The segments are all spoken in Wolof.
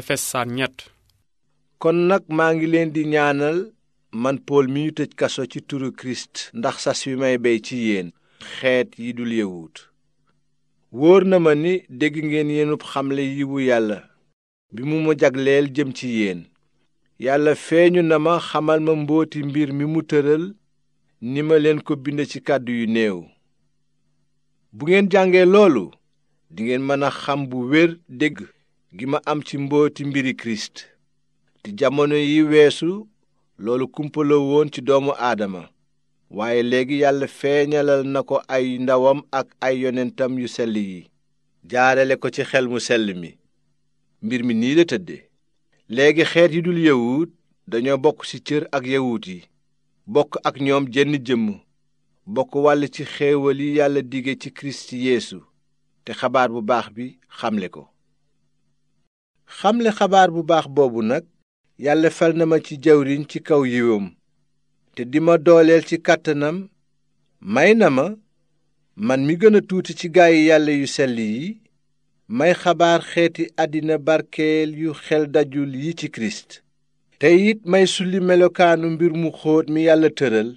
Efes saar ñett kon nag maa ngi leen di ñaanal man pool mi ñu tëj kaso ci turu kirist ndax sas wi may bey ci yéen xeet yi dul yewuut wóor na ma ni dégg ngeen yenub xamle yiwu yàlla bi mu ma jagleel jëm ci yéen yàlla feeñu na ma xamal ma mbooti mbir mi mu tëral ni ma leen ko bind ci kàddu yu néew bu ngeen jàngee loolu dingeen mën a xam bu wér dégg gi ma am ci mbooti mbiri kirist di jamono yi weesu loolu kumpaloo woon ci doomu aadama waaye léegi yàlla feeñalal na ko ay ndawam ak ay yonentam yu sell yi jaarale ko ci xel mu sell mi mbir mi nii la tëdde léegi xeet yi dul yawut dañoo bokk ci cër ak yawut yi bokk ak ñoom jenn jëmm bokk wàll ci xéewal yi yàlla dige ci kirist yéesu te xabaar bu baax bi xamle ko xamle xabaar bu baax boobu nag yàlla fal na ma ci jawriñ ci kaw yiwam te di ma dooleel ci kàttanam may na ma man mi gëna tuuti ci gaay yàlla yu sell yi may xabaar xeeti àddina barkeel yu xel dajul yi ci kirist te it may sulli melokaanu mbir mu xóot mi yàlla tëral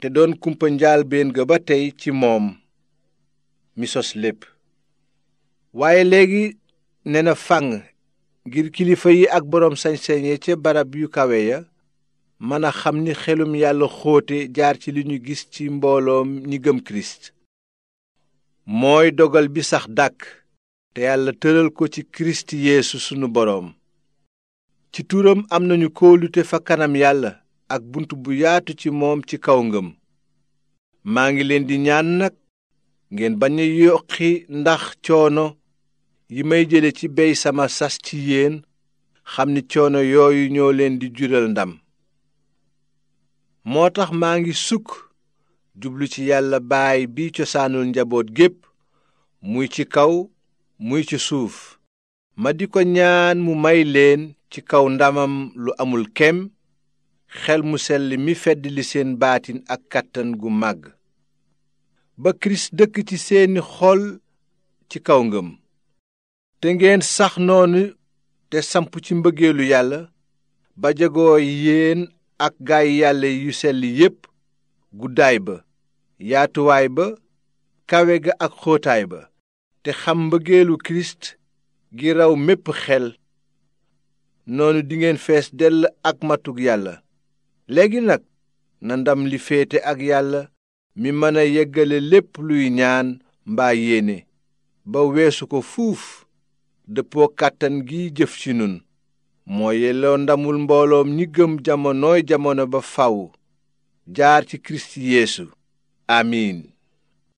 te doon kumpa njaalbeen ga ba tey ci moom mi sos lépp waaye léegi ne na fànn ngir kilifa yi ak boroom sañ-sañ ca barab yu kawe ya mën a xam ni xelum yàlla xóote jaar ci li ñu gis ci mbooloom ñi gëm kirist mooy dogal bi sax dàkk te yàlla tëral ko ci kirist yéesu sunu boroom ci tuuram am nañu kóolute fa kanam yàlla ak bunt bu yaatu ci moom ci kaw ngëm maa ngi leen di ñaan nag ngeen bañ a yoqi ndax coono yi may jële ci bey sama sas yéen xam ni coono yooyu ñoo leen di jural ndam moo tax maa ngi sukk jublu ci yàlla baay bi cosaanul njaboot gépp muy ci kaw muy ci suuf ma di ko ñaan mu may leen ci kaw ndamam lu amul kem xel mu sell mi fedd li seen baatin ak kàttan gu màgg ba kirist dëkk ci seeni xol ci kaw ngëm te ngeen sax noonu te samp ci mbëggeelu yàlla ba jegoo yéen ak gaay yàlla yu selli yépp guddaay ba yaatuwaay ba kawe ga ak xóotaay ba te xam mbëggeelu kirist gi raw mépp xel noonu dingeen fees dell ak matuk yàlla léegi nag na ndam li féete ak yàlla mi mën a yëggale lépp luy ñaan mbaa yéene ba weesu ko fuuf dëppoo kàttan gi jëf ci nun moo yelloo ndamul mbooloom ñi gëm jamonooy jamono ba faw jaar ci kirist yeesu amiin